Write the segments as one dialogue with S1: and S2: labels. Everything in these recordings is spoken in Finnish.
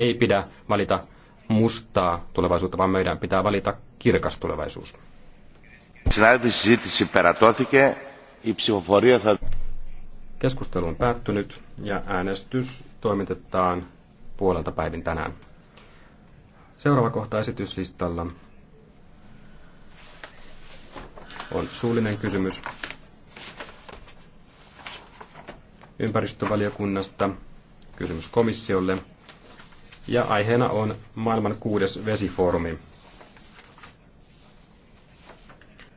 S1: ei pidä valita mustaa tulevaisuutta, vaan meidän pitää valita kirkas tulevaisuus. Keskustelu on päättynyt ja äänestys toimitetaan puolelta päivin tänään. Seuraava kohta esityslistalla on suullinen kysymys ympäristövaliokunnasta. Kysymys komissiolle ja aiheena on maailman kuudes vesifoorumi.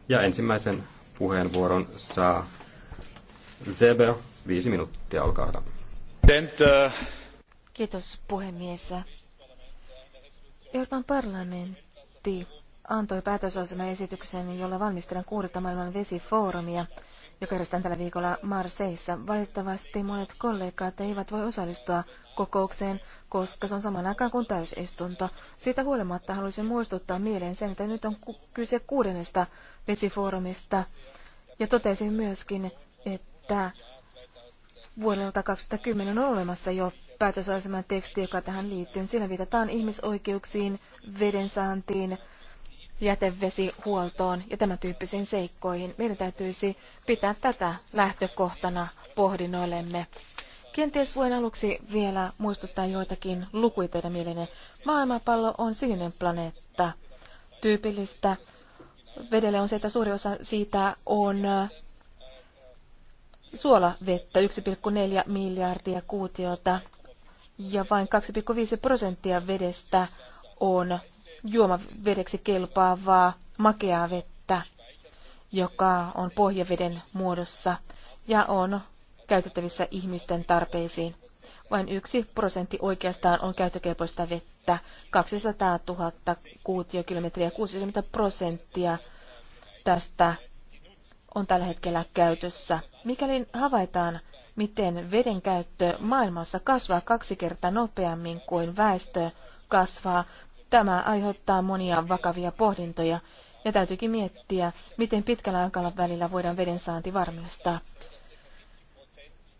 S1: Ja ensimmäisen puheenvuoron saa Zebe, viisi minuuttia, olkaa hyvä. Äh,
S2: Kiitos puhemies. Euroopan parlamentti antoi esityksen, jolla valmistellaan kuudetta maailman vesifoorumia, joka järjestetään tällä viikolla Marseissa. Valitettavasti monet kollegat eivät voi osallistua kokoukseen, koska se on saman aikaan kuin täysistunto. Siitä huolimatta haluaisin muistuttaa mieleen sen, että nyt on kyse kuudennesta vesifoorumista. Ja totesin myöskin, että vuodelta 2010 on olemassa jo päätösaseman teksti, joka tähän liittyy. Siinä viitataan ihmisoikeuksiin, vedensaantiin, jätevesihuoltoon ja tämän tyyppisiin seikkoihin. Meidän täytyisi pitää tätä lähtökohtana pohdinnoillemme. Kenties voin aluksi vielä muistuttaa joitakin lukuja teidän mielenne. Maailmanpallo on sininen planeetta. Tyypillistä vedelle on se, että suuri osa siitä on äh, suolavettä, 1,4 miljardia kuutiota, ja vain 2,5 prosenttia vedestä on juomavedeksi kelpaavaa makeaa vettä, joka on pohjaveden muodossa ja on käytettävissä ihmisten tarpeisiin. Vain yksi prosentti oikeastaan on käyttökelpoista vettä, 200 000 kuutiokilometriä, 60 prosenttia tästä on tällä hetkellä käytössä. Mikäli havaitaan, miten veden käyttö maailmassa kasvaa kaksi kertaa nopeammin kuin väestö kasvaa, tämä aiheuttaa monia vakavia pohdintoja ja täytyykin miettiä, miten pitkällä aikavälillä voidaan veden saanti varmistaa.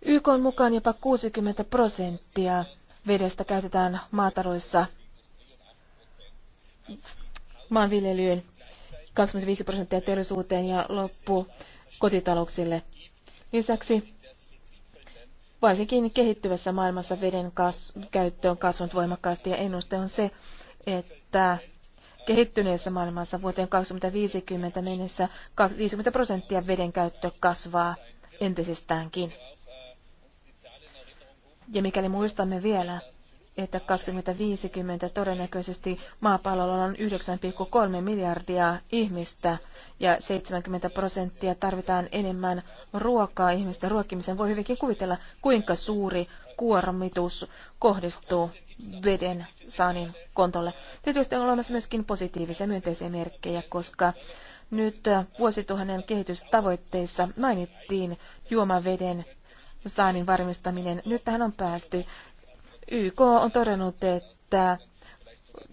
S2: YK on mukaan jopa 60 prosenttia vedestä käytetään maataloissa, maanviljelyyn, 25 prosenttia teollisuuteen ja loppu kotitalouksille. Lisäksi varsinkin kehittyvässä maailmassa veden kas- käyttö on kasvanut voimakkaasti ja ennuste on se, että kehittyneessä maailmassa vuoteen 2050 mennessä 50 prosenttia veden käyttö kasvaa entisestäänkin. Ja mikäli muistamme vielä, että 2050 todennäköisesti maapallolla on 9,3 miljardia ihmistä ja 70 prosenttia tarvitaan enemmän ruokaa ihmisten ruokkimisen, voi hyvinkin kuvitella, kuinka suuri kuormitus kohdistuu veden saanin kontolle. Tietysti on olemassa myöskin positiivisia myönteisiä merkkejä, koska nyt vuosituhannen kehitystavoitteissa mainittiin juomaveden saannin varmistaminen. Nyt tähän on päästy. YK on todennut, että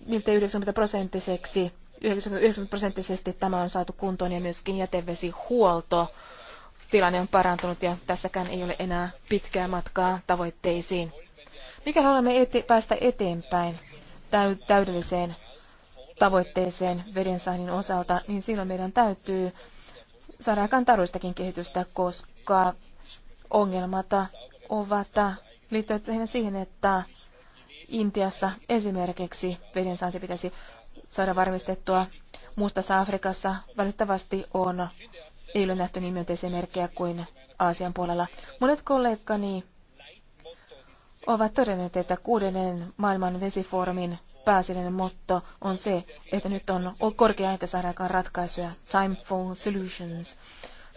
S2: miltei 90 prosenttiseksi 90 prosenttisesti tämä on saatu kuntoon ja myöskin jätevesihuolto. Tilanne on parantunut ja tässäkään ei ole enää pitkää matkaa tavoitteisiin. mikä haluamme eti- päästä eteenpäin täy- täydelliseen tavoitteeseen vedensaannin osalta, niin silloin meidän täytyy saada aikaan taruistakin kehitystä, koska ongelmat ovat liittyvät lähinnä siihen, että Intiassa esimerkiksi saanti pitäisi saada varmistettua. Mustassa Afrikassa valitettavasti on, ei ole nähty niin myönteisiä merkkejä kuin Aasian puolella. Monet kollegani ovat todenneet, että kuudennen maailman vesifoorumin pääasiallinen motto on se, että nyt on korkea aika saada aikaan ratkaisuja. Time for solutions.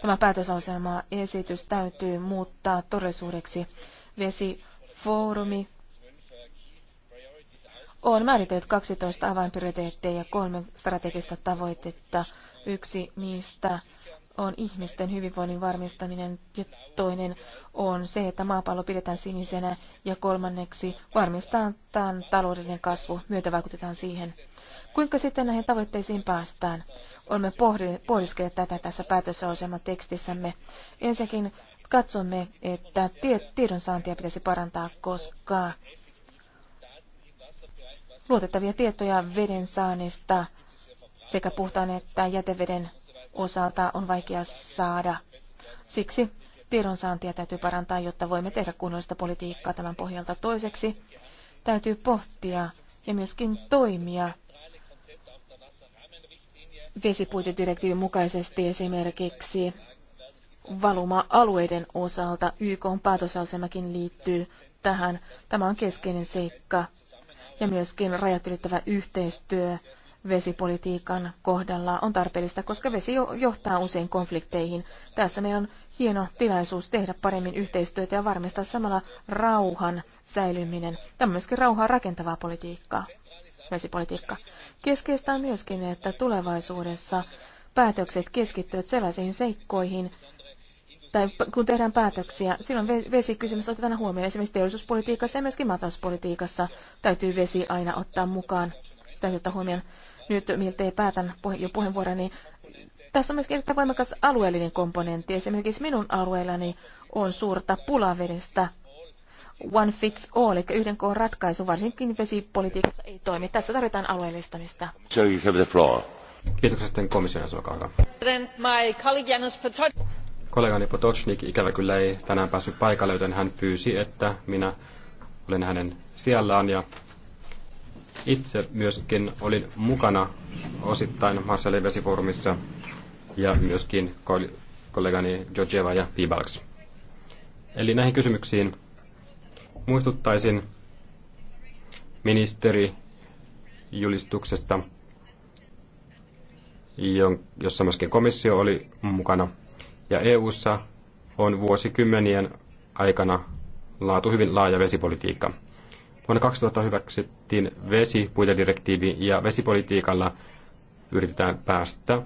S2: Tämä päätösasema esitys täytyy muuttaa todellisuudeksi. Vesifoorumi on määritellyt 12 avainprioriteetteja ja kolme strategista tavoitetta. Yksi niistä on ihmisten hyvinvoinnin varmistaminen ja toinen on se, että maapallo pidetään sinisenä ja kolmanneksi varmistetaan taloudellinen kasvu, vaikutetaan siihen. Kuinka sitten näihin tavoitteisiin päästään? Olemme pohdiskelleet tätä tässä päätösohjelman tekstissämme. Ensinnäkin katsomme, että tiedonsaantia pitäisi parantaa, koska luotettavia tietoja veden saannista sekä puhtaan että jäteveden osalta on vaikea saada. Siksi tiedonsaantia täytyy parantaa, jotta voimme tehdä kunnollista politiikkaa tämän pohjalta. Toiseksi täytyy pohtia ja myöskin toimia vesipuitedirektiivin mukaisesti esimerkiksi valuma-alueiden osalta YK on päätösasemakin liittyy tähän. Tämä on keskeinen seikka ja myöskin rajat ylittävä yhteistyö vesipolitiikan kohdalla on tarpeellista, koska vesi johtaa usein konflikteihin. Tässä meillä on hieno tilaisuus tehdä paremmin yhteistyötä ja varmistaa samalla rauhan säilyminen. Tämä on myöskin rauhaa rakentavaa politiikkaa vesipolitiikka. Keskeistä on myöskin, että tulevaisuudessa päätökset keskittyvät sellaisiin seikkoihin, tai kun tehdään päätöksiä, silloin vesikysymys otetaan huomioon esimerkiksi teollisuuspolitiikassa ja myöskin maatalouspolitiikassa. Täytyy vesi aina ottaa mukaan. Sitä täytyy ottaa huomioon. Nyt miltei päätän jo puheenvuoroni. Tässä on myöskin erittäin voimakas alueellinen komponentti. Esimerkiksi minun alueellani on suurta pulavedestä one fits all, eli yhden koon ratkaisu, varsinkin vesipolitiikassa ei toimi. Tässä tarvitaan alueellistamista.
S1: So you have the floor. Kiitoksia sitten komission Kollegani Potocnik ikävä kyllä ei tänään päässyt paikalle, joten hän pyysi, että minä olen hänen siellään ja itse myöskin olin mukana osittain Marsalin vesifoorumissa ja myöskin kollegani Georgieva ja Pibalks. Eli näihin kysymyksiin Muistuttaisin ministeri Julistuksesta, jossa myöskin komissio oli mukana. Ja EU:ssa on vuosikymmenien aikana laatu hyvin laaja vesipolitiikka. Vuonna 2000 hyväksyttiin vesipuitedirektiivi ja vesipolitiikalla yritetään päästä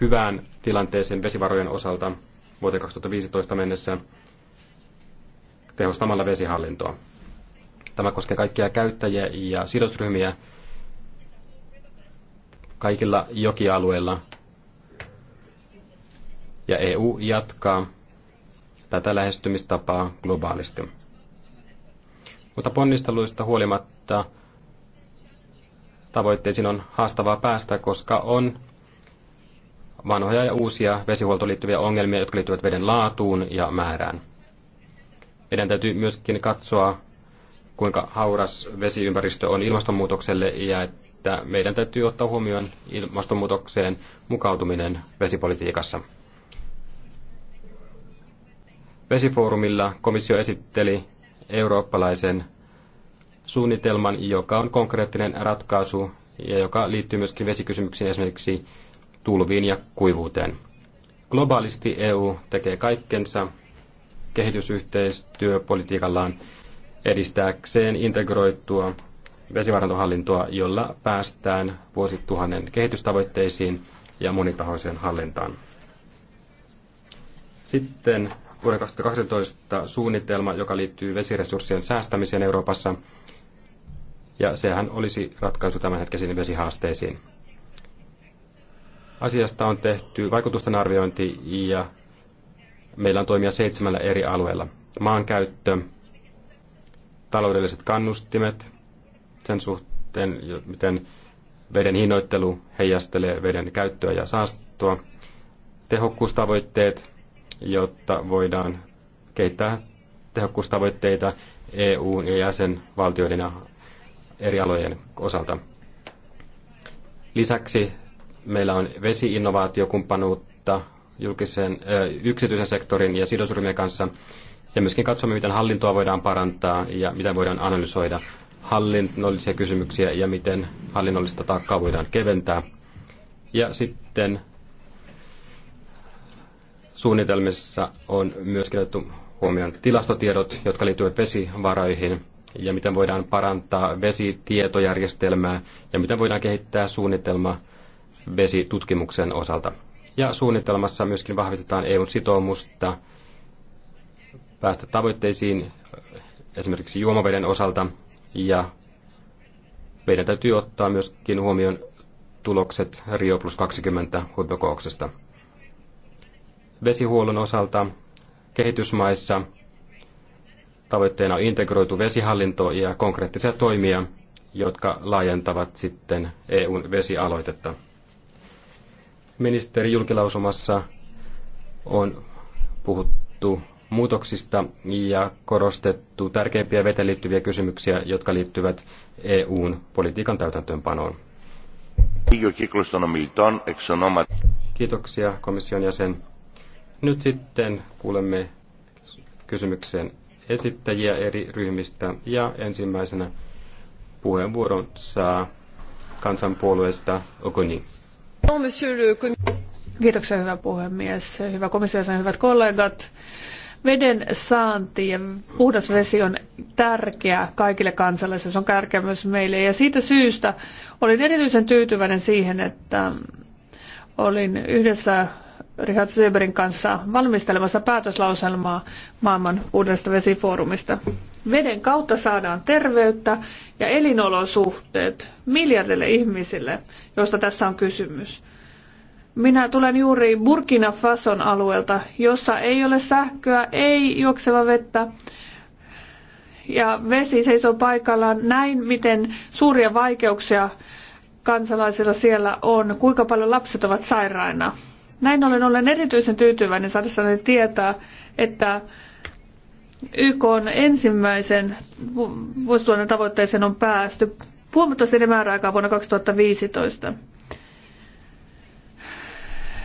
S1: hyvään tilanteeseen vesivarojen osalta vuoteen 2015 mennessä – tehostamalla vesihallintoa. Tämä koskee kaikkia käyttäjiä ja sidosryhmiä kaikilla jokialueilla. Ja EU jatkaa tätä lähestymistapaa globaalisti. Mutta ponnisteluista huolimatta tavoitteisiin on haastavaa päästä, koska on vanhoja ja uusia vesihuoltoon liittyviä ongelmia, jotka liittyvät veden laatuun ja määrään. Meidän täytyy myöskin katsoa, kuinka hauras vesiympäristö on ilmastonmuutokselle ja että meidän täytyy ottaa huomioon ilmastonmuutokseen mukautuminen vesipolitiikassa. Vesifoorumilla komissio esitteli eurooppalaisen suunnitelman, joka on konkreettinen ratkaisu ja joka liittyy myöskin vesikysymyksiin esimerkiksi tulviin ja kuivuuteen. Globaalisti EU tekee kaikkensa, kehitysyhteistyöpolitiikallaan edistääkseen integroitua vesivarantohallintoa, jolla päästään vuosituhannen kehitystavoitteisiin ja monitahoiseen hallintaan. Sitten vuoden 2012 suunnitelma, joka liittyy vesiresurssien säästämiseen Euroopassa, ja sehän olisi ratkaisu tämänhetkisiin vesihaasteisiin. Asiasta on tehty vaikutusten arviointi ja Meillä on toimia seitsemällä eri alueella. Maankäyttö, taloudelliset kannustimet sen suhteen, miten veden hinnoittelu heijastelee veden käyttöä ja saastoa, tehokkuustavoitteet, jotta voidaan kehittää tehokkuustavoitteita EU- ja jäsenvaltioiden ja eri alojen osalta. Lisäksi meillä on vesiinnovaatiokumppanuutta julkisen, yksityisen sektorin ja sidosryhmien kanssa. Ja myöskin katsomme, miten hallintoa voidaan parantaa ja miten voidaan analysoida hallinnollisia kysymyksiä ja miten hallinnollista taakkaa voidaan keventää. Ja sitten suunnitelmissa on myöskin otettu huomioon tilastotiedot, jotka liittyvät vesivaroihin ja miten voidaan parantaa vesitietojärjestelmää ja miten voidaan kehittää suunnitelma vesitutkimuksen osalta. Ja suunnitelmassa myöskin vahvistetaan EUn sitoumusta päästä tavoitteisiin esimerkiksi juomaveden osalta ja meidän täytyy ottaa myöskin huomioon tulokset Rio plus 20 huippukouksesta. Vesihuollon osalta kehitysmaissa tavoitteena on integroitu vesihallinto ja konkreettisia toimia, jotka laajentavat sitten EUn vesialoitetta. Ministeri julkilausumassa on puhuttu muutoksista ja korostettu tärkeimpiä veteen liittyviä kysymyksiä, jotka liittyvät EUn politiikan täytäntöönpanoon. Kiitoksia komission jäsen. Nyt sitten kuulemme kysymyksen esittäjiä eri ryhmistä ja ensimmäisenä puheenvuoron saa kansanpuolueesta Okoni.
S3: Kiitoksia, hyvä puhemies, hyvä komissio ja hyvät kollegat. Veden saanti ja puhdas vesi on tärkeä kaikille kansalaisille, se on tärkeä myös meille. Ja siitä syystä olin erityisen tyytyväinen siihen, että olin yhdessä Richard Söberin kanssa valmistelemassa päätöslauselmaa maailman uudesta vesifoorumista. Veden kautta saadaan terveyttä ja elinolosuhteet miljardeille ihmisille, joista tässä on kysymys. Minä tulen juuri Burkina Fason alueelta, jossa ei ole sähköä, ei juokseva vettä ja vesi seisoo paikallaan. Näin, miten suuria vaikeuksia kansalaisilla siellä on, kuinka paljon lapset ovat sairaina. Näin ollen olen erityisen tyytyväinen saadessani tietää, että YK on ensimmäisen vuosituhannen tavoitteeseen on päästy huomattavasti eri määräaikaa vuonna 2015.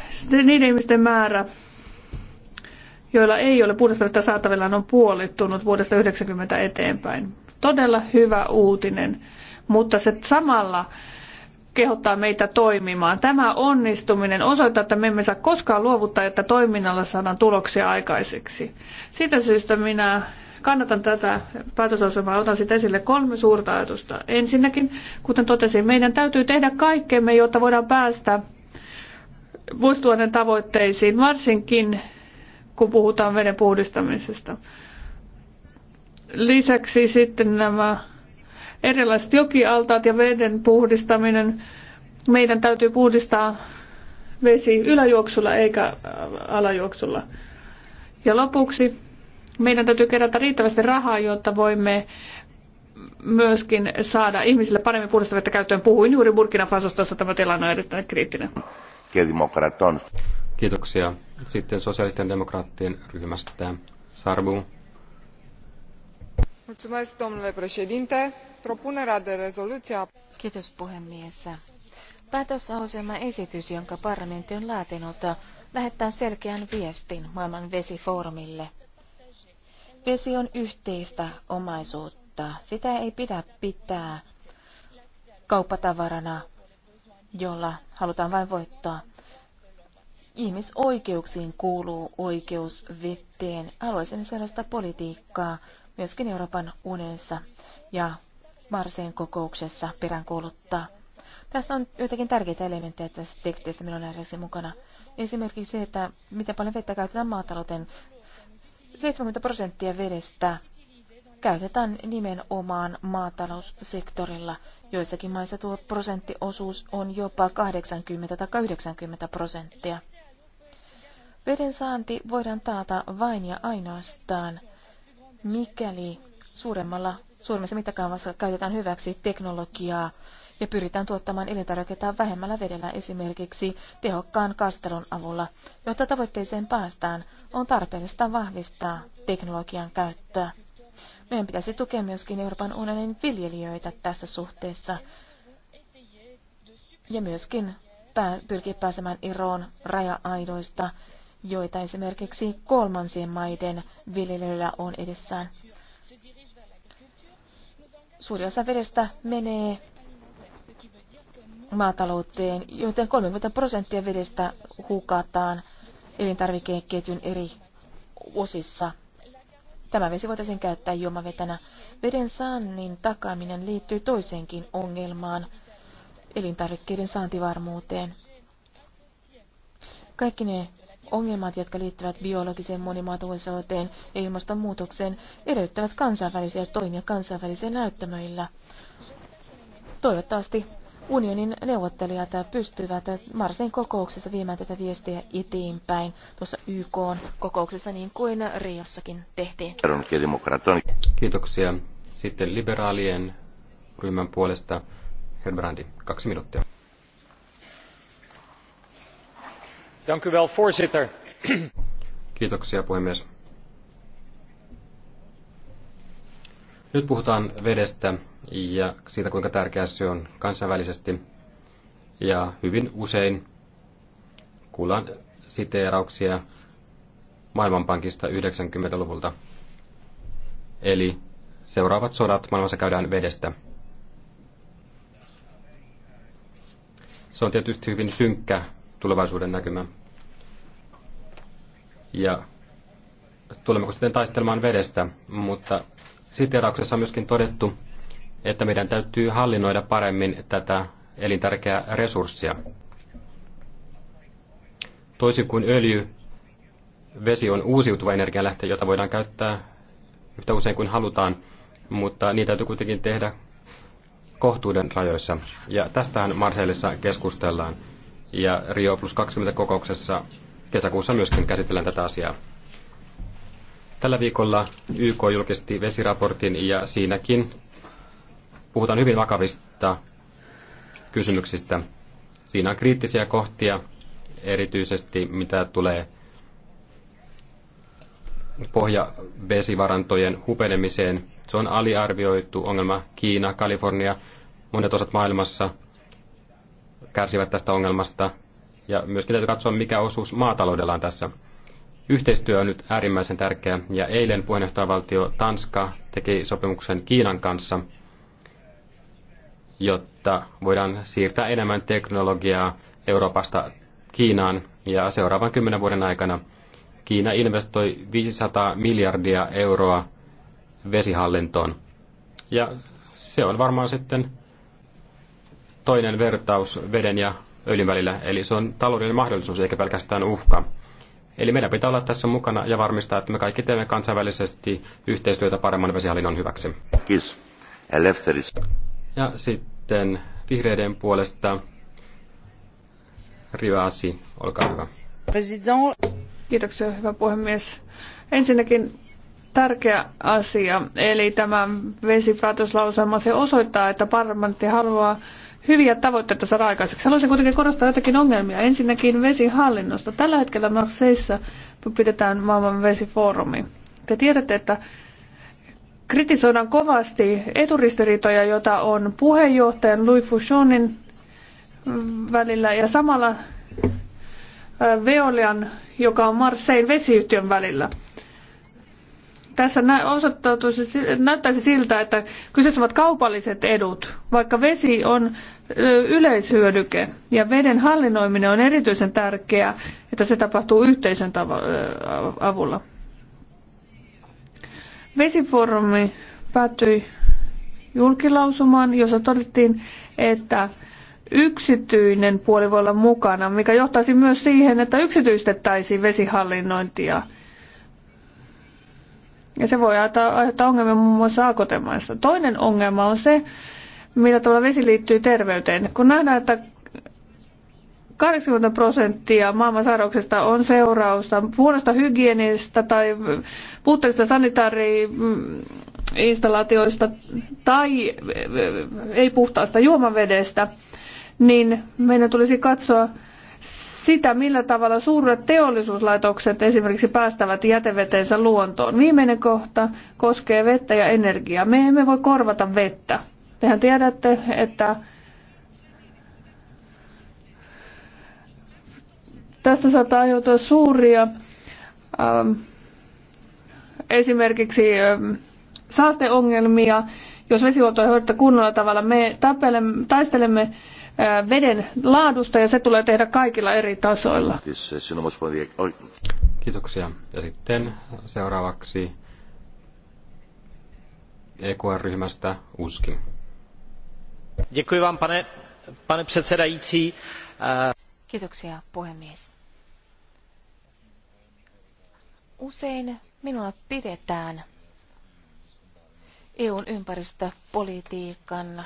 S3: Sitten niiden ihmisten määrä, joilla ei ole puhdasta vettä saatavillaan, on puolittunut vuodesta 90 eteenpäin. Todella hyvä uutinen, mutta se samalla kehottaa meitä toimimaan. Tämä onnistuminen osoittaa, että me emme saa koskaan luovuttaa, että toiminnalla saadaan tuloksia aikaiseksi. Siitä syystä minä kannatan tätä päätösasemaa. Otan sitten esille kolme suurta ajatusta. Ensinnäkin, kuten totesin, meidän täytyy tehdä kaikkemme, jotta voidaan päästä vuosituhannen tavoitteisiin, varsinkin kun puhutaan veden puhdistamisesta. Lisäksi sitten nämä erilaiset jokialtaat ja veden puhdistaminen. Meidän täytyy puhdistaa vesi yläjuoksulla eikä äh, alajuoksulla. Ja lopuksi meidän täytyy kerätä riittävästi rahaa, jotta voimme myöskin saada ihmisille paremmin puhdasta vettä käyttöön. Puhuin juuri Burkina Fasosta, jossa tämä tilanne on erittäin kriittinen.
S1: Kiitoksia. Sitten sosiaalisten demokraattien ryhmästä Sarbu,
S2: propunerea de rezoluție a... Kiitos Päätöslauselman esitys, jonka parlamentti on laatinut, lähettää selkeän viestin maailman vesifoorumille. Vesi on yhteistä omaisuutta. Sitä ei pidä pitää kauppatavarana, jolla halutaan vain voittaa. Ihmisoikeuksiin kuuluu oikeus veteen. Haluaisin sellaista politiikkaa, myöskin Euroopan unionissa ja Marsin kokouksessa peräänkuuluttaa. Tässä on joitakin tärkeitä elementtejä tässä tekstistä minun nähdäkseni mukana. Esimerkiksi se, että miten paljon vettä käytetään maatalouteen. 70 prosenttia vedestä käytetään nimenomaan maataloussektorilla. Joissakin maissa tuo prosenttiosuus on jopa 80 tai 90 prosenttia. Veden saanti voidaan taata vain ja ainoastaan – mikäli suuremmalla, suuremmassa mittakaavassa käytetään hyväksi teknologiaa ja pyritään tuottamaan elintarvikkeita vähemmällä vedellä esimerkiksi tehokkaan kastelun avulla. Jotta tavoitteeseen päästään, on tarpeellista vahvistaa teknologian käyttöä. Meidän pitäisi tukea myöskin Euroopan unionin viljelijöitä tässä suhteessa ja myöskin pyrkiä pääsemään eroon raja-aidoista joita esimerkiksi kolmansien maiden viljelijöillä on edessään. Suuri osa vedestä menee maatalouteen, joten 30 prosenttia vedestä hukataan elintarvikeketjun eri osissa. Tämä vesi voitaisiin käyttää juomavetänä. Veden saannin takaaminen liittyy toiseenkin ongelmaan, elintarvikkeiden saantivarmuuteen. Kaikki ne Ongelmat, jotka liittyvät biologiseen monimuotoisuuteen ja ilmastonmuutokseen, edellyttävät kansainvälisiä toimia kansainvälisillä näyttämöillä. Toivottavasti unionin neuvottelijat pystyvät Marsin kokouksessa viemään tätä viestiä eteenpäin tuossa YK kokouksessa niin kuin Riossakin tehtiin.
S1: Kiitoksia. Sitten liberaalien ryhmän puolesta Herbrandi, kaksi minuuttia. voorzitter Kiitoksia Nyt puhutaan vedestä ja siitä, kuinka tärkeä se on kansainvälisesti. Ja hyvin usein kuullaan siteerauksia Maailmanpankista 90-luvulta. Eli seuraavat sodat maailmassa käydään vedestä. Se on tietysti hyvin synkkä tulevaisuuden näkymä. Ja tulemmeko sitten taistelemaan vedestä, mutta siteerauksessa on myöskin todettu, että meidän täytyy hallinnoida paremmin tätä elintärkeää resurssia. Toisin kuin öljy, vesi on uusiutuva energialähte, jota voidaan käyttää yhtä usein kuin halutaan, mutta niitä täytyy kuitenkin tehdä kohtuuden rajoissa. Ja tästähän Marseillessa keskustellaan ja Rio plus 20 kokouksessa kesäkuussa myöskin käsitellään tätä asiaa. Tällä viikolla YK julkisti vesiraportin ja siinäkin puhutaan hyvin vakavista kysymyksistä. Siinä on kriittisiä kohtia, erityisesti mitä tulee pohjavesivarantojen hupenemiseen. Se on aliarvioitu ongelma Kiina, Kalifornia, monet osat maailmassa – kärsivät tästä ongelmasta. Ja myöskin täytyy katsoa, mikä osuus maataloudella on tässä. Yhteistyö on nyt äärimmäisen tärkeä ja eilen puheenjohtajavaltio Tanska teki sopimuksen Kiinan kanssa, jotta voidaan siirtää enemmän teknologiaa Euroopasta Kiinaan, ja seuraavan kymmenen vuoden aikana Kiina investoi 500 miljardia euroa vesihallintoon. Ja se on varmaan sitten toinen vertaus veden ja öljyn välillä, eli se on taloudellinen mahdollisuus eikä pelkästään uhka. Eli meidän pitää olla tässä mukana ja varmistaa, että me kaikki teemme kansainvälisesti yhteistyötä paremman vesihallinnon hyväksi.
S3: Kiitos. Eleftheris.
S1: Ja sitten vihreiden puolesta Rivasi, olkaa
S3: hyvä. Kiitoksia, hyvä puhemies. Ensinnäkin tärkeä asia, eli tämä vesipäätöslauselma, se osoittaa, että parlamentti haluaa hyviä tavoitteita saada aikaiseksi. Haluaisin kuitenkin korostaa jotakin ongelmia. Ensinnäkin vesihallinnosta. Tällä hetkellä Marseissa pidetään maailman vesifoorumi. Te tiedätte, että kritisoidaan kovasti eturistiriitoja, joita on puheenjohtajan Louis Fouchonin välillä ja samalla Veolian, joka on Marseille vesiyhtiön välillä. Tässä näyttäisi siltä, että kyseessä ovat kaupalliset edut, vaikka vesi on yleishyödyke ja veden hallinnoiminen on erityisen tärkeää, että se tapahtuu yhteisön avulla. Vesifoorumi päättyi julkilausumaan, jossa todettiin, että yksityinen puoli voi olla mukana, mikä johtaisi myös siihen, että yksityistettäisiin vesihallinnointia. Ja se voi aiheuttaa ongelmia muun muassa AKT-maissa. Toinen ongelma on se, millä tavalla vesi liittyy terveyteen. Kun nähdään, että 80 prosenttia maailman sairauksista on seurausta huonosta hygienistä tai puutteellisista sanitaariinstallaatioista tai eh, ei puhtaasta juomavedestä, niin meidän tulisi katsoa sitä, millä tavalla suuret teollisuuslaitokset esimerkiksi päästävät jätevetensä luontoon. Viimeinen kohta koskee vettä ja energiaa. Me emme voi korvata vettä. Tehän tiedätte, että tästä saattaa aiheutua suuria ähm, esimerkiksi ähm, saasteongelmia. Jos vesihuolto ei hoideta kunnolla tavalla, me tapelemme, taistelemme äh, veden laadusta ja se tulee tehdä kaikilla eri tasoilla.
S1: Kiitoksia. Ja sitten seuraavaksi eqr ryhmästä Uskin
S3: pane, předsedající.
S2: Kiitoksia, puhemies. Usein minua pidetään EUn ympäristöpolitiikan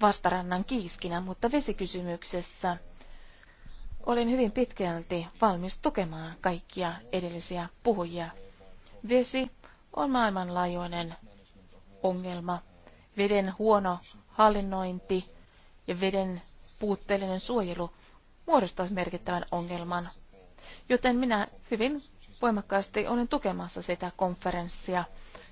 S2: vastarannan kiiskinä, mutta vesikysymyksessä olin hyvin pitkälti valmis tukemaan kaikkia edellisiä puhujia. Vesi on maailmanlaajuinen ongelma. Veden huono hallinnointi ja veden puutteellinen suojelu muodostavat merkittävän ongelman. Joten minä hyvin voimakkaasti olen tukemassa sitä konferenssia,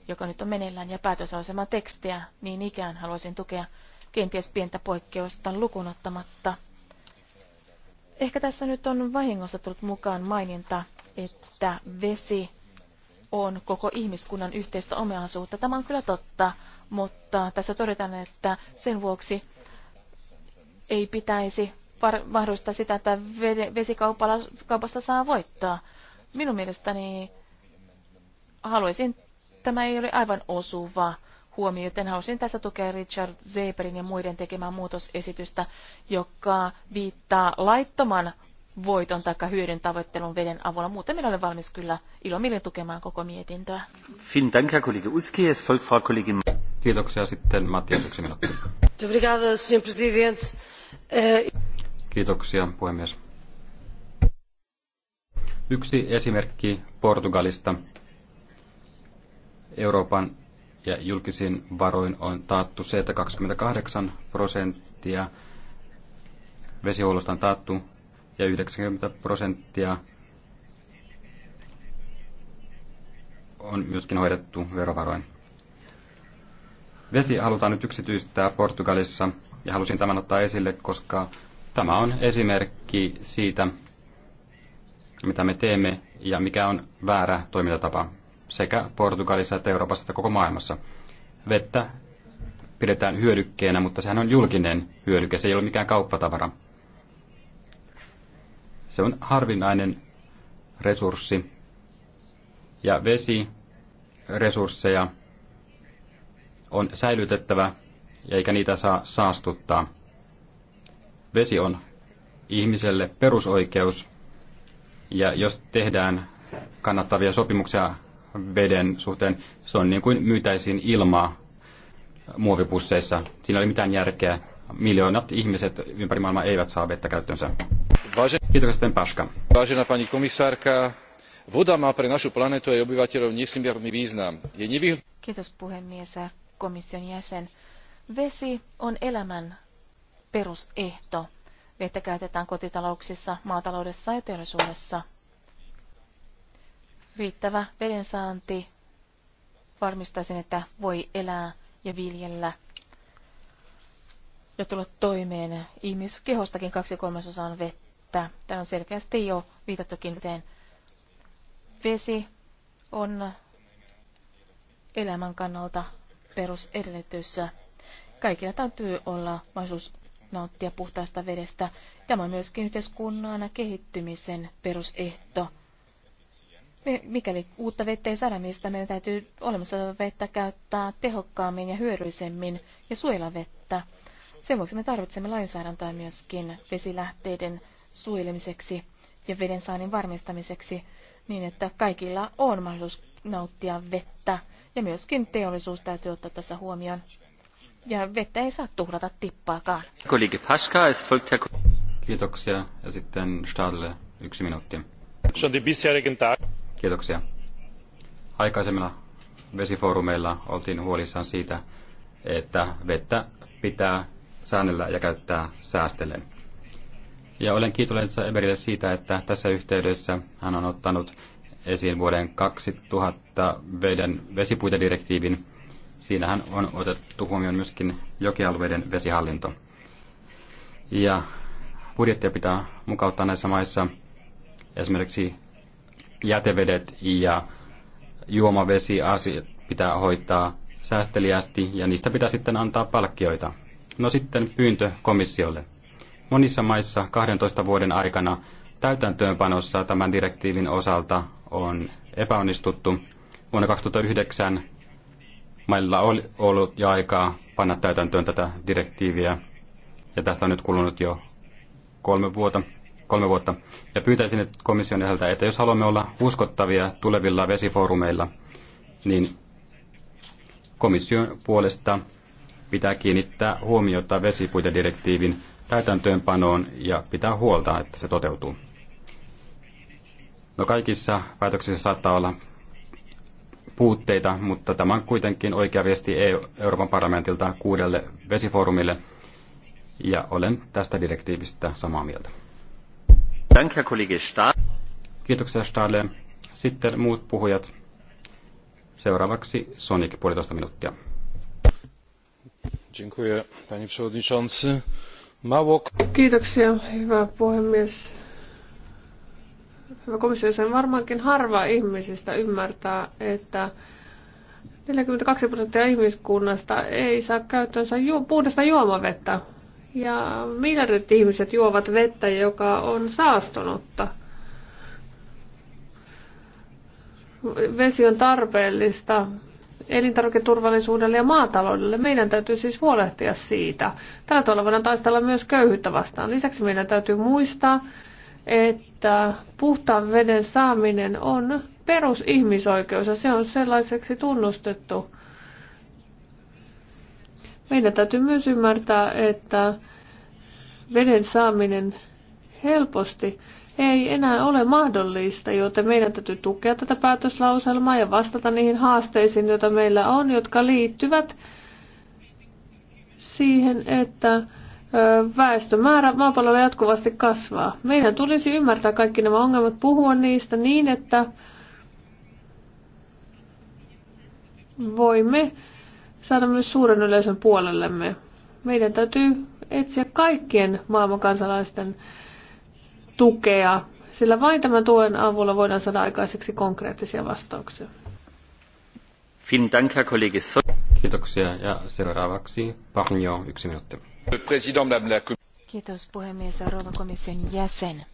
S2: joka nyt on meneillään, ja päätösaseman tekstiä niin ikään haluaisin tukea kenties pientä poikkeusta lukunottamatta. Ehkä tässä nyt on vahingossa tullut mukaan maininta, että vesi on koko ihmiskunnan yhteistä omaisuutta. Tämä on kyllä totta, mutta tässä todetaan, että sen vuoksi ei pitäisi mahdollistaa sitä, että vesikaupasta saa voittaa. Minun mielestäni haluaisin, tämä ei ole aivan osuva huomio, joten haluaisin tässä tukea Richard Zeberin ja muiden tekemää muutosesitystä, joka viittaa laittoman voiton tai hyödyn tavoittelun veden avulla. Muuten minä olen valmis kyllä ilomielin tukemaan koko mietintöä.
S3: Vielen Dank, Herr
S1: Kollege Uski. Es folgt Frau Kollegin Kiitoksia sitten Mattias yksi minuutti. Eh, Kiitoksia puhemies. Yksi esimerkki Portugalista. Euroopan ja julkisin varoin on taattu se, että 28 prosenttia vesihuollosta on taattu ja 90 prosenttia on myöskin hoidettu verovaroin. Vesi halutaan nyt yksityistää Portugalissa ja halusin tämän ottaa esille, koska tämä on esimerkki siitä, mitä me teemme ja mikä on väärä toimintatapa sekä Portugalissa että Euroopassa että koko maailmassa. Vettä pidetään hyödykkeenä, mutta sehän on julkinen hyödyke, se ei ole mikään kauppatavara. Se on harvinainen resurssi ja vesiresursseja on säilytettävä eikä niitä saa saastuttaa. Vesi on ihmiselle perusoikeus ja jos tehdään kannattavia sopimuksia veden suhteen, se on niin kuin myytäisiin ilmaa muovipusseissa. Siinä ei ole mitään järkeä. Miljoonat ihmiset ympäri maailmaa eivät saa vettä käyttöönsä. Kiitoksia sitten Paska.
S2: Vážená pani komisárka, voda má pre našu planetu ja obyvateľov nesmierny význam. Je nevyhnutné... Kiitos puhemies komission jäsen. Vesi on elämän perusehto. Vettä käytetään kotitalouksissa, maataloudessa ja teollisuudessa. Riittävä veden saanti varmistaa sen, että voi elää ja viljellä ja tulla toimeen. Ihmiskehostakin kaksi kolmasosaa on vettä. Tämä on selkeästi jo viitattukin, miten vesi on elämän kannalta perusedellytys. Kaikilla täytyy olla mahdollisuus nauttia puhtaasta vedestä. Tämä on myöskin yhteiskunnan kehittymisen perusehto. Mikäli uutta vettä ei saada, mistä meidän täytyy olemassa olevaa vettä käyttää tehokkaammin ja hyödyllisemmin ja suojella vettä. Sen vuoksi me tarvitsemme lainsäädäntöä myöskin vesilähteiden suojelemiseksi ja veden saannin varmistamiseksi niin, että kaikilla on mahdollisuus nauttia vettä ja myöskin teollisuus täytyy ottaa tässä huomioon. Ja vettä ei saa tuhlata tippaakaan.
S1: Kollegi Paska, es folgt Herr... Kiitoksia. Ja sitten Stadle, yksi minuutti. Kiitoksia. Aikaisemmilla vesifoorumeilla oltiin huolissaan siitä, että vettä pitää säännellä ja käyttää säästellen. Ja olen kiitollinen Eberille siitä, että tässä yhteydessä hän on ottanut esiin vuoden 2000 veden vesipuitedirektiivin. Siinähän on otettu huomioon myöskin jokialueiden vesihallinto. Ja budjettia pitää mukauttaa näissä maissa esimerkiksi jätevedet ja juomavesiasiat pitää hoitaa säästeliästi ja niistä pitää sitten antaa palkkioita. No sitten pyyntö komissiolle. Monissa maissa 12 vuoden aikana täytäntöönpanossa tämän direktiivin osalta on epäonnistuttu. Vuonna 2009 Meillä oli ollut jo aikaa panna täytäntöön tätä direktiiviä, ja tästä on nyt kulunut jo kolme vuotta. Kolme vuotta. Ja pyytäisin että komission jäseltä, että jos haluamme olla uskottavia tulevilla vesifoorumeilla, niin komission puolesta pitää kiinnittää huomiota vesipuitedirektiivin täytäntöönpanoon ja pitää huolta, että se toteutuu. No kaikissa päätöksissä saattaa olla puutteita, mutta tämä on kuitenkin oikea viesti e- Euroopan parlamentilta kuudelle vesifoorumille, ja olen tästä direktiivistä samaa mieltä. Kiitoksia Stahle. Sitten muut puhujat. Seuraavaksi Sonic, puolitoista minuuttia.
S3: Kiitoksia, hyvä puhemies. Hyvä komissio, sen varmaankin harva ihmisistä ymmärtää, että 42 prosenttia ihmiskunnasta ei saa käyttöönsä ju- puhdasta juomavettä. Ja miljardit ihmiset juovat vettä, joka on saastunutta. Vesi on tarpeellista elintarviketurvallisuudelle ja maataloudelle. Meidän täytyy siis huolehtia siitä. Tällä tavalla voidaan taistella myös köyhyyttä vastaan. Lisäksi meidän täytyy muistaa, että puhtaan veden saaminen on perusihmisoikeus ja se on sellaiseksi tunnustettu. Meidän täytyy myös ymmärtää, että veden saaminen helposti ei enää ole mahdollista, joten meidän täytyy tukea tätä päätöslauselmaa ja vastata niihin haasteisiin, joita meillä on, jotka liittyvät siihen, että väestömäärä maapallolla jatkuvasti kasvaa. Meidän tulisi ymmärtää kaikki nämä ongelmat, puhua niistä niin, että voimme saada myös suuren yleisön puolellemme. Meidän täytyy etsiä kaikkien maailmankansalaisten tukea, sillä vain tämän tuen avulla voidaan saada aikaiseksi konkreettisia vastauksia.
S1: Kiitoksia ja seuraavaksi Parnio, yksi minuutti.
S2: Kiitos puhemies ja rouva komission jäsen.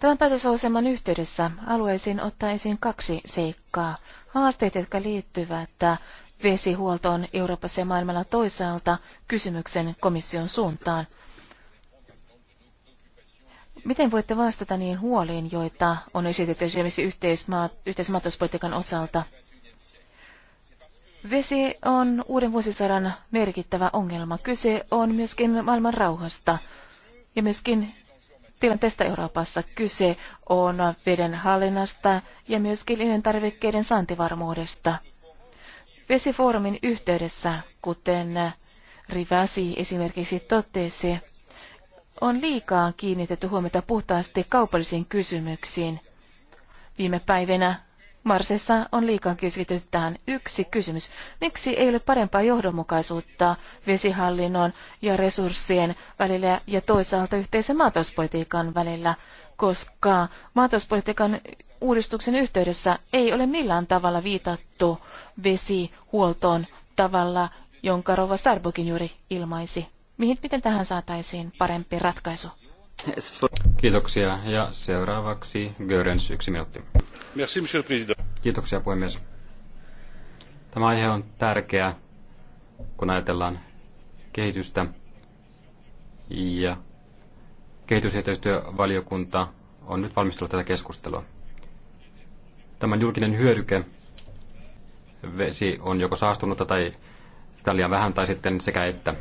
S2: Tämän päätöslauselman yhteydessä alueisiin ottaa esiin kaksi seikkaa. Haasteet, jotka liittyvät vesihuoltoon Euroopassa ja maailmalla toisaalta kysymyksen komission suuntaan. Miten voitte vastata niihin huoliin, joita on esitetty esimerkiksi yhteismaatalouspolitiikan osalta? Vesi on uuden vuosisadan merkittävä ongelma. Kyse on myöskin maailman rauhasta ja myöskin tilanteesta Euroopassa. Kyse on veden hallinnasta ja myöskin elintarvikkeiden saantivarmuudesta. Vesifoorumin yhteydessä, kuten Rivasi esimerkiksi totesi, on liikaa kiinnitetty huomiota puhtaasti kaupallisiin kysymyksiin. Viime päivinä Marsissa on liikaa keskitytty tähän. Yksi kysymys. Miksi ei ole parempaa johdonmukaisuutta vesihallinnon ja resurssien välillä ja toisaalta yhteisen maatalouspolitiikan välillä? Koska maatalouspolitiikan uudistuksen yhteydessä ei ole millään tavalla viitattu vesihuoltoon tavalla, jonka Rova Sarbokin juuri ilmaisi. Mihin, miten tähän saataisiin parempi ratkaisu?
S1: Kiitoksia. Ja seuraavaksi Görens yksi minuutti. Merci, monsieur le président. Kiitoksia puhemies. Tämä aihe on tärkeä, kun ajatellaan kehitystä. Ja kehitysyhteistyövaliokunta on nyt valmistellut tätä keskustelua. Tämän julkinen hyödyke, vesi on joko saastunutta tai sitä liian vähän tai sitten sekä että.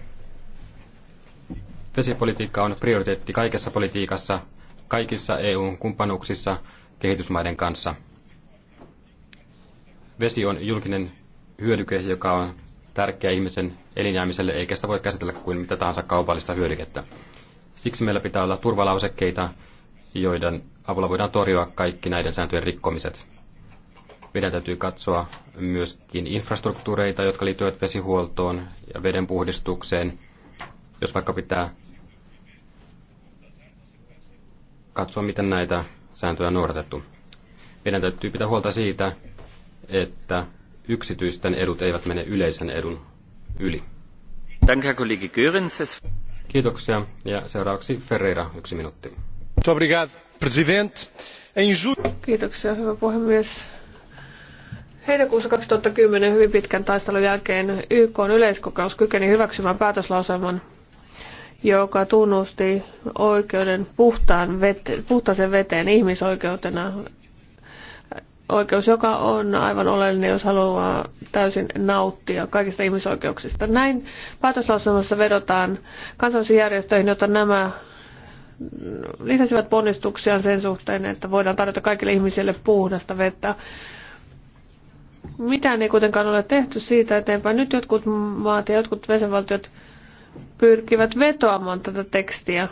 S1: Vesipolitiikka on prioriteetti kaikessa politiikassa, kaikissa EUn kumppanuuksissa, kehitysmaiden kanssa. Vesi on julkinen hyödyke, joka on tärkeä ihmisen elinjäämiselle, eikä sitä voi käsitellä kuin mitä tahansa kaupallista hyödykettä. Siksi meillä pitää olla turvalausekkeita, joiden avulla voidaan torjua kaikki näiden sääntöjen rikkomiset. Meidän täytyy katsoa myöskin infrastruktuureita, jotka liittyvät vesihuoltoon ja vedenpuhdistukseen. Jos vaikka pitää katsoa, miten näitä sääntöjä noudatettu. Meidän täytyy pitää huolta siitä, että yksityisten edut eivät mene yleisen edun yli. Danke, kollegi Görens. Kiitoksia. Ja seuraavaksi Ferreira, yksi minuutti.
S3: Kiitoksia, hyvä puhemies. Heinäkuussa 2010 hyvin pitkän taistelun jälkeen YK on yleiskokous kykeni hyväksymään päätöslauselman, joka tunnusti oikeuden puhtaan vete, puhtaisen veteen ihmisoikeutena. Oikeus, joka on aivan oleellinen, jos haluaa täysin nauttia kaikista ihmisoikeuksista. Näin päätöslauselmassa vedotaan kansallisiin järjestöihin, jotta nämä lisäsivät ponnistuksiaan sen suhteen, että voidaan tarjota kaikille ihmisille puhdasta vettä. Mitään ei kuitenkaan ole tehty siitä eteenpäin. Nyt jotkut maat ja jotkut vesenvaltiot pyrkivät vetoamaan tätä tekstiä,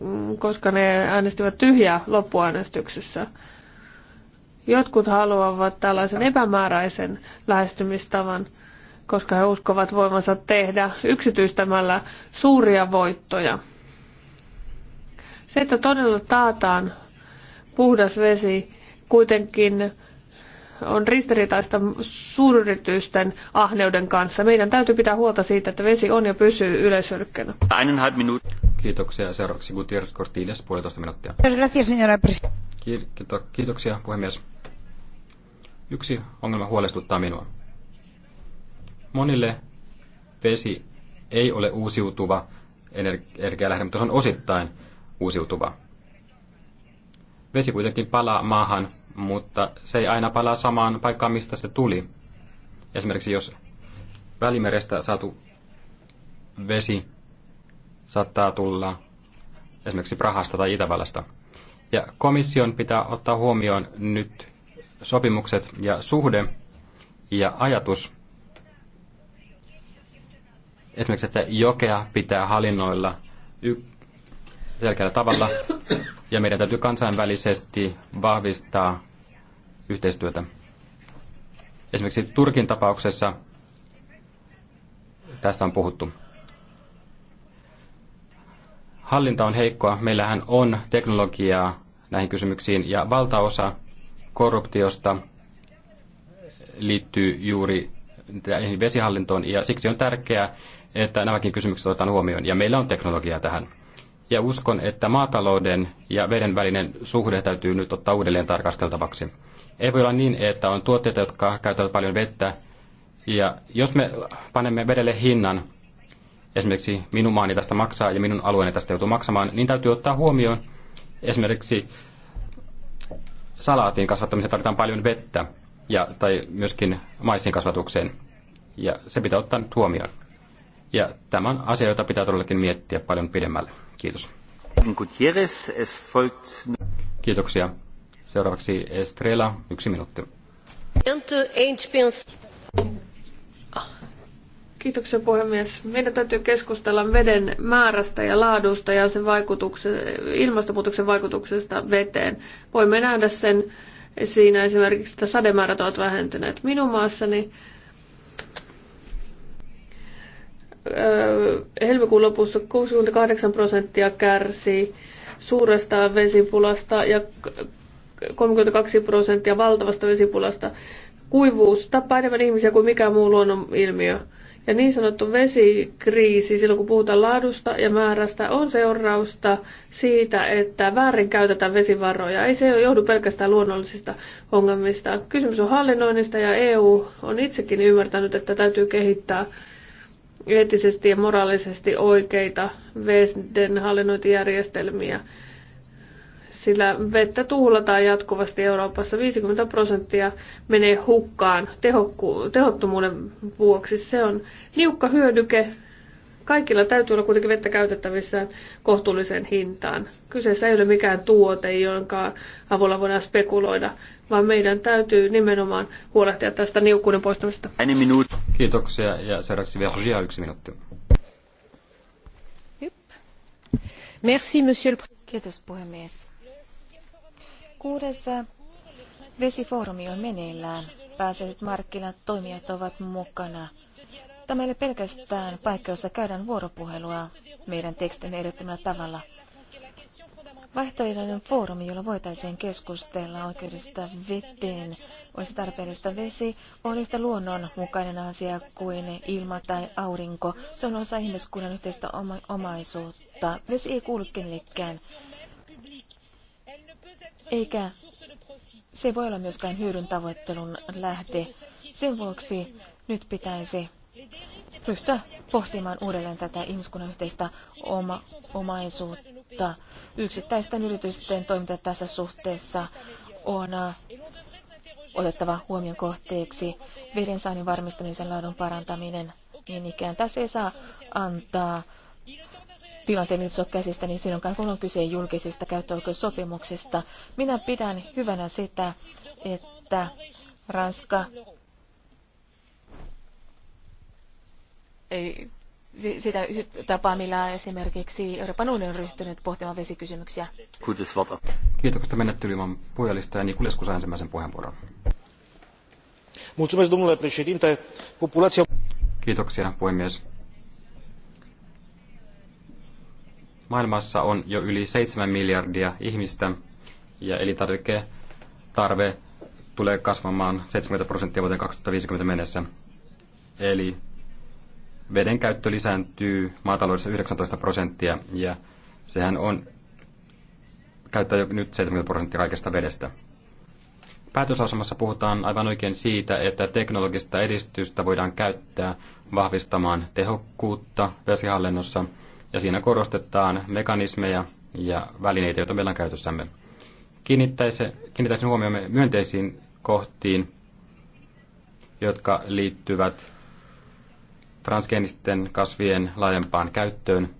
S3: mm, koska ne äänestivät tyhjää loppuäänestyksessä. Jotkut haluavat tällaisen epämääräisen lähestymistavan, koska he uskovat voimansa tehdä yksityistämällä suuria voittoja. Se, että todella taataan puhdas vesi kuitenkin on ristiriitaista suuryritysten ahneuden kanssa. Meidän täytyy pitää huolta siitä, että vesi on ja pysyy yleishyödykkeenä.
S1: Kiitoksia. Seuraavaksi Gutierrez Cortines, puolitoista minuuttia. Kiitoksia, puhemies. Yksi ongelma huolestuttaa minua. Monille vesi ei ole uusiutuva energialähde, mutta se on osittain uusiutuva. Vesi kuitenkin palaa maahan mutta se ei aina palaa samaan paikkaan, mistä se tuli. Esimerkiksi jos Välimerestä saatu vesi saattaa tulla esimerkiksi Prahasta tai Itävallasta. Ja komission pitää ottaa huomioon nyt sopimukset ja suhde ja ajatus. Esimerkiksi, että jokea pitää hallinnoilla selkeällä tavalla ja meidän täytyy kansainvälisesti vahvistaa yhteistyötä. Esimerkiksi Turkin tapauksessa tästä on puhuttu. Hallinta on heikkoa. Meillähän on teknologiaa näihin kysymyksiin ja valtaosa korruptiosta liittyy juuri vesihallintoon ja siksi on tärkeää, että nämäkin kysymykset otetaan huomioon ja meillä on teknologiaa tähän ja uskon, että maatalouden ja veden välinen suhde täytyy nyt ottaa uudelleen tarkasteltavaksi. Ei voi olla niin, että on tuotteita, jotka käyttävät paljon vettä, ja jos me panemme vedelle hinnan, esimerkiksi minun maani tästä maksaa ja minun alueeni tästä joutuu maksamaan, niin täytyy ottaa huomioon esimerkiksi salaatin kasvattamiseen tarvitaan paljon vettä, ja, tai myöskin maissin kasvatukseen, ja se pitää ottaa nyt huomioon. Ja tämä on asia, jota pitää todellakin miettiä paljon pidemmälle. Kiitos. Kiitoksia. Seuraavaksi Estrela, yksi minuutti.
S3: Kiitoksia puhemies. Meidän täytyy keskustella veden määrästä ja laadusta ja sen vaikutuksen, ilmastonmuutoksen vaikutuksesta veteen. Voimme nähdä sen siinä esimerkiksi, että sademäärät ovat vähentyneet. Minun maassani helmikuun lopussa 68 prosenttia kärsii suuresta vesipulasta ja 32 prosenttia valtavasta vesipulasta. Kuivuus tappaa enemmän ihmisiä kuin mikään muu luonnonilmiö. Ja niin sanottu vesikriisi, silloin kun puhutaan laadusta ja määrästä, on seurausta siitä, että väärin käytetään vesivaroja. Ei se johdu pelkästään luonnollisista ongelmista. Kysymys on hallinnoinnista ja EU on itsekin ymmärtänyt, että täytyy kehittää eettisesti ja moraalisesti oikeita veden hallinnointijärjestelmiä, sillä vettä tuhlataan jatkuvasti Euroopassa. 50 prosenttia menee hukkaan tehokku- tehottomuuden vuoksi. Se on niukka hyödyke, Kaikilla täytyy olla kuitenkin vettä käytettävissä kohtuulliseen hintaan. Kyseessä ei ole mikään tuote, jonka avulla voidaan spekuloida, vaan meidän täytyy nimenomaan huolehtia tästä niukkuuden poistamisesta.
S1: Kiitoksia ja seuraavaksi Vergia yksi minuutti.
S2: Merci, monsieur le... Président. Kiitos puhemies. Kuudes vesifoorumi on meneillään. Pääsevät markkinat toimijat ovat mukana. Tämä ei ole pelkästään paikka, jossa käydään vuoropuhelua meidän tekstimme edellyttämällä tavalla. Vaihtoehdollinen foorumi, jolla voitaisiin keskustella oikeudesta veteen, olisi tarpeellista vesi, on yhtä luonnonmukainen asia kuin ilma tai aurinko. Se on osa ihmiskunnan yhteistä oma- omaisuutta. Vesi ei kuulu kenellekään, eikä se voi olla myöskään hyödyn tavoittelun lähde. Sen vuoksi nyt pitäisi ryhtyä pohtimaan uudelleen tätä ihmiskunnan yhteistä oma, omaisuutta. Yksittäisten yritysten toiminta tässä suhteessa on äh, otettava huomion kohteeksi saannin varmistamisen laadun parantaminen. Niin ikään tässä ei saa antaa tilanteen nyt käsistä, niin silloinkaan kun on kyse julkisista käyttöoikeussopimuksista. Minä pidän hyvänä sitä, että Ranska ei, sitä tapaa, millä esimerkiksi Euroopan unioni on ryhtynyt pohtimaan vesikysymyksiä.
S1: Kiitoksia menettelyilman puhujalista ja Nikulesku saa ensimmäisen puheenvuoron. Kiitoksia, puhemies. Maailmassa on jo yli 7 miljardia ihmistä ja elintarviketarve tulee kasvamaan 70 prosenttia vuoteen 2050 mennessä. Eli veden käyttö lisääntyy maataloudessa 19 prosenttia ja sehän on käyttää jo nyt 70 prosenttia kaikesta vedestä. Päätösasemassa puhutaan aivan oikein siitä, että teknologista edistystä voidaan käyttää vahvistamaan tehokkuutta vesihallinnossa ja siinä korostetaan mekanismeja ja välineitä, joita meillä on käytössämme. Kiinnittäisin, huomioon myönteisiin kohtiin, jotka liittyvät transgeenisten kasvien laajempaan käyttöön.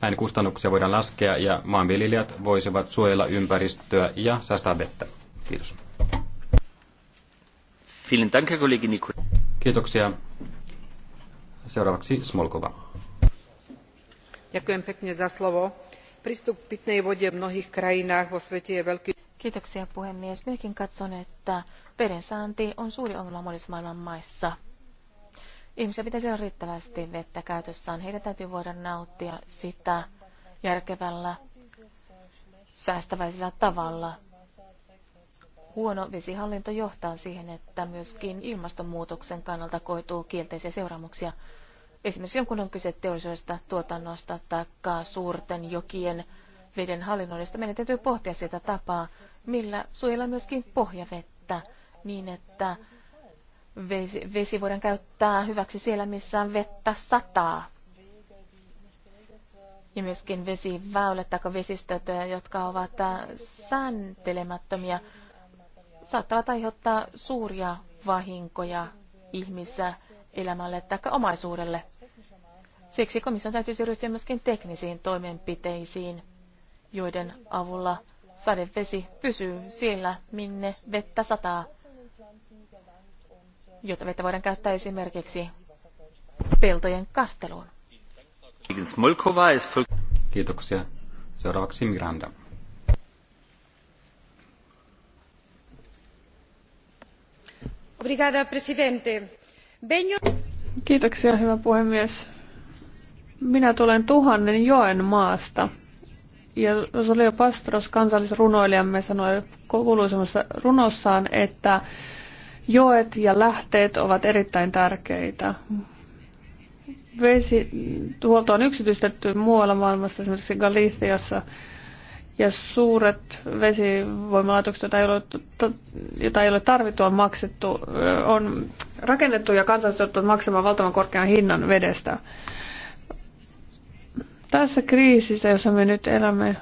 S1: Näin kustannuksia voidaan laskea ja maanviljelijät voisivat suojella ympäristöä ja säästää vettä. Kiitos. Kiitoksia. Seuraavaksi Smolkova.
S3: Ďakujem pekne za slovo. Prístup k pitnej vode v mnohých krajinách vo svete je veľký...
S2: Kiitoksia puhemies. Minäkin katson, että saanti on suuri ongelma monissa maailman maissa. Ihmisiä pitäisi olla riittävästi vettä käytössään. Heidän täytyy voida nauttia sitä järkevällä, säästäväisellä tavalla. Huono vesihallinto johtaa siihen, että myöskin ilmastonmuutoksen kannalta koituu kielteisiä seuraamuksia. Esimerkiksi kun on kyse teollisuudesta, tuotannosta tai suurten jokien veden hallinnoinnista, meidän täytyy pohtia sitä tapaa, millä suojella myöskin pohjavettä niin, että vesi, vesi voidaan käyttää hyväksi siellä, missä on vettä sataa. Ja myöskin vesiväylät tai vesistöt, eh, jotka ovat eh, sääntelemättömiä, saattavat aiheuttaa suuria vahinkoja ihmisä elämälle tai omaisuudelle. Siksi komission täytyisi ryhtyä myöskin teknisiin toimenpiteisiin, joiden avulla sadevesi pysyy siellä, minne vettä sataa jota vettä voidaan käyttää esimerkiksi peltojen kasteluun.
S1: Kiitoksia. Seuraavaksi Miranda.
S2: Obrigada, presidente.
S3: Kiitoksia, hyvä puhemies. Minä tulen tuhannen joen maasta. Ja Rosalio Pastros, kansallisrunoilijamme, sanoi kuuluisemmassa runossaan, että Joet ja lähteet ovat erittäin tärkeitä. Vesihuolto on yksityistetty muualla maailmassa, esimerkiksi Galiciassa, ja suuret vesivoimalaitokset, joita ei ole, joita ei ole tarvittu, on, maksettu, on rakennettu ja kansalaiset joutuvat maksamaan valtavan korkean hinnan vedestä. Tässä kriisissä, jossa me nyt elämme,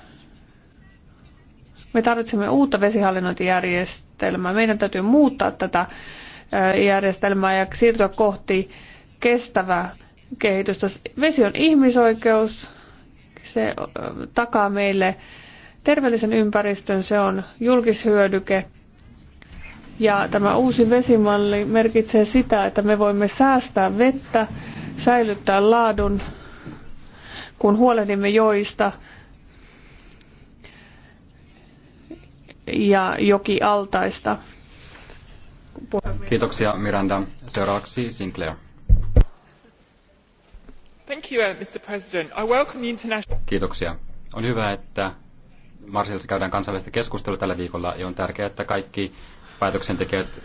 S3: me tarvitsemme uutta vesihallinnointijärjestelmää järjestelmää. Meidän täytyy muuttaa tätä järjestelmää ja siirtyä kohti kestävää kehitystä. Vesi on ihmisoikeus, se takaa meille terveellisen ympäristön, se on julkishyödyke. Ja tämä uusi vesimalli merkitsee sitä, että me voimme säästää vettä, säilyttää laadun, kun huolehdimme joista ja jokialtaista.
S1: Kiitoksia Miranda. Seuraavaksi Sinclair.
S3: Thank you, uh, Mr. President. I welcome the international...
S1: Kiitoksia. On hyvä, että Marsilissa käydään kansainvälistä keskustelua tällä viikolla ja on tärkeää, että kaikki päätöksentekijät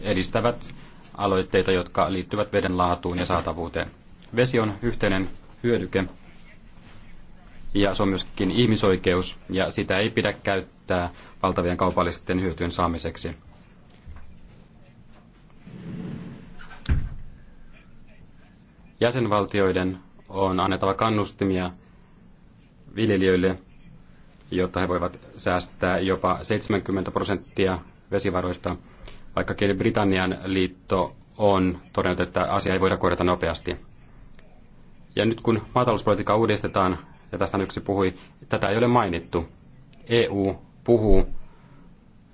S1: edistävät aloitteita, jotka liittyvät veden laatuun ja saatavuuteen. Vesi on yhteinen hyödyke ja se on myöskin ihmisoikeus, ja sitä ei pidä käyttää valtavien kaupallisten hyötyjen saamiseksi. Jäsenvaltioiden on annettava kannustimia viljelijöille, jotta he voivat säästää jopa 70 prosenttia vesivaroista, vaikka Britannian liitto on todennut, että asia ei voida korjata nopeasti. Ja nyt kun maatalouspolitiikka uudistetaan, ja tästä yksi puhui, tätä ei ole mainittu. EU puhuu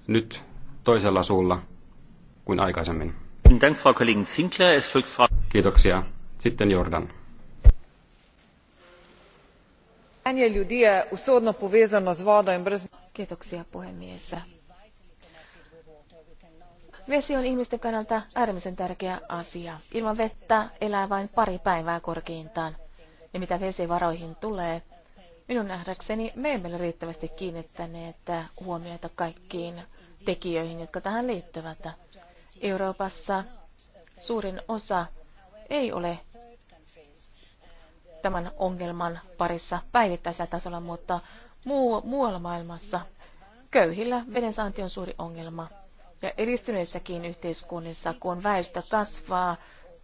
S1: nyt toisella suulla kuin aikaisemmin. Kiitoksia. Sitten Jordan.
S2: Kiitoksia puhemies. Vesi on ihmisten kannalta äärimmäisen tärkeä asia. Ilman vettä elää vain pari päivää korkeintaan. Ja mitä vesivaroihin tulee, minun nähdäkseni me emme ole riittävästi kiinnittäneet huomiota kaikkiin tekijöihin, jotka tähän liittyvät. Euroopassa suurin osa ei ole tämän ongelman parissa päivittäisellä tasolla, mutta muu, muualla maailmassa köyhillä vedensaanti on suuri ongelma. Ja edistyneissäkin yhteiskunnissa, kun väestö kasvaa,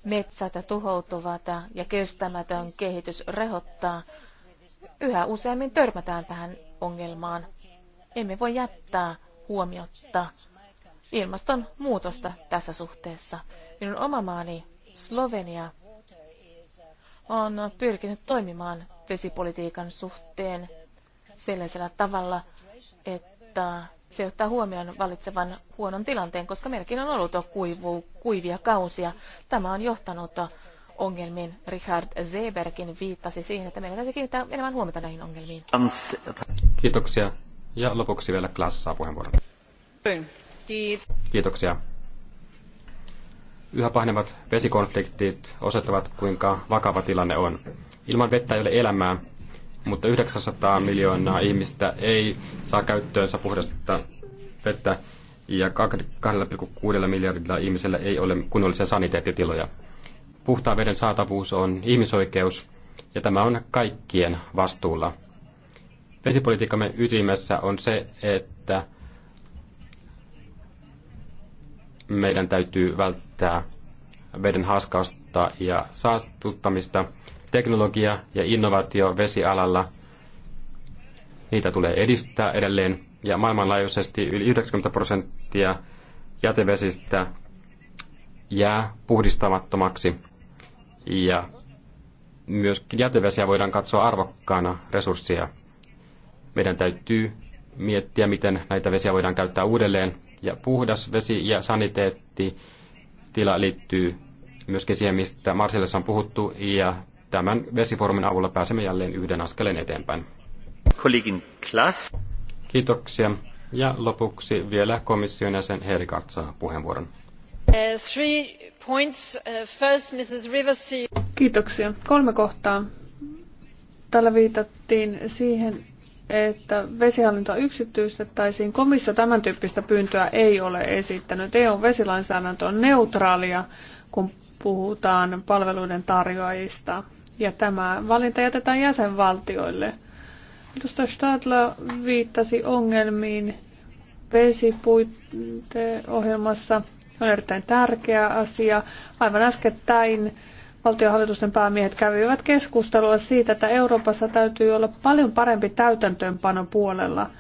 S2: metsät tuhoutuvat ja kestämätön kehitys rehottaa, yhä useammin törmätään tähän ongelmaan. Emme voi jättää huomiotta ilmastonmuutosta tässä suhteessa. Minun oma maani Slovenia on pyrkinyt toimimaan vesipolitiikan suhteen sellaisella tavalla, että se ottaa huomioon valitsevan huonon tilanteen, koska meilläkin on ollut kuivu, kuivia kausia. Tämä on johtanut ongelmiin. Richard Zeberkin viittasi siihen, että meidän täytyy kiinnittää enemmän huomiota näihin ongelmiin.
S1: Kiitoksia. Ja lopuksi vielä klassaa puheenvuoron. Kiitoksia. Yhä pahenevat vesikonfliktit osoittavat, kuinka vakava tilanne on. Ilman vettä ei ole elämää, mutta 900 miljoonaa ihmistä ei saa käyttöönsä puhdasta vettä ja 2,6 miljardilla ihmisellä ei ole kunnollisia saniteettitiloja. Puhtaan veden saatavuus on ihmisoikeus ja tämä on kaikkien vastuulla. Vesipolitiikkamme ytimessä on se, että meidän täytyy välttää veden haskausta ja saastuttamista teknologia ja innovaatio vesialalla, niitä tulee edistää edelleen. Ja maailmanlaajuisesti yli 90 prosenttia jätevesistä jää puhdistamattomaksi. Ja myös jätevesiä voidaan katsoa arvokkaana resurssia. Meidän täytyy miettiä, miten näitä vesiä voidaan käyttää uudelleen. Ja puhdas vesi ja saniteetti tila liittyy myöskin siihen, mistä Marsilassa on puhuttu, ja tämän vesifoorumin avulla pääsemme jälleen yhden askeleen eteenpäin. Kollegin Klaas. Kiitoksia. Ja lopuksi vielä komission jäsen Helikart saa puheenvuoron.
S3: Eh, eh, Kiitoksia. Kolme kohtaa. Tällä viitattiin siihen, että vesihallintoa yksityistettäisiin. Komissio tämän tyyppistä pyyntöä ei ole esittänyt. eu vesilainsäädäntö on neutraalia, kun puhutaan palveluiden tarjoajista. Ja tämä valinta jätetään jäsenvaltioille. Edustaja Stadler viittasi ongelmiin vesipuiteohjelmassa. On erittäin tärkeä asia. Aivan äskettäin valtionhallitusten päämiehet kävivät keskustelua siitä, että Euroopassa täytyy olla paljon parempi täytäntöönpano puolella.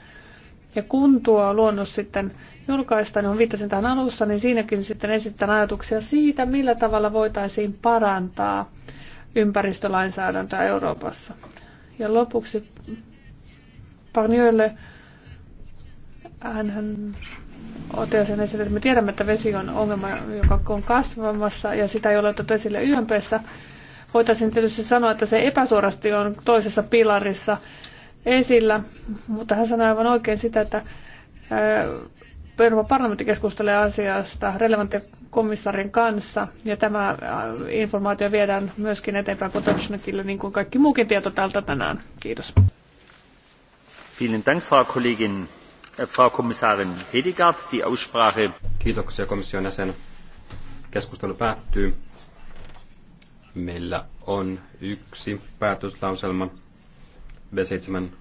S3: Ja kun tuo luonnos sitten julkaista, niin viittasin tähän alussa, niin siinäkin sitten esittän ajatuksia siitä, millä tavalla voitaisiin parantaa ympäristölainsäädäntöä Euroopassa. Ja lopuksi Parnioille hän otti sen esille, että me tiedämme, että vesi on ongelma, joka on kasvamassa ja sitä ei ole otettu esille YMPssä. Voitaisiin tietysti sanoa, että se epäsuorasti on toisessa pilarissa esillä, mutta hän sanoi aivan oikein sitä, että Euroopan parlamentti keskustelee asiasta relevantin komissarin kanssa ja tämä äh, informaatio viedään myöskin eteenpäin Potocnikille niin kuin kaikki muukin tieto täältä tänään. Kiitos.
S1: Vielen Dank, Frau Kollegin, äh, Frau Kommissarin Hedegaard. Die Aussprache. Kiitoksia komission jäsen. Keskustelu päättyy. Meillä on yksi
S3: päätöslauselma B7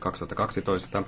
S3: 2012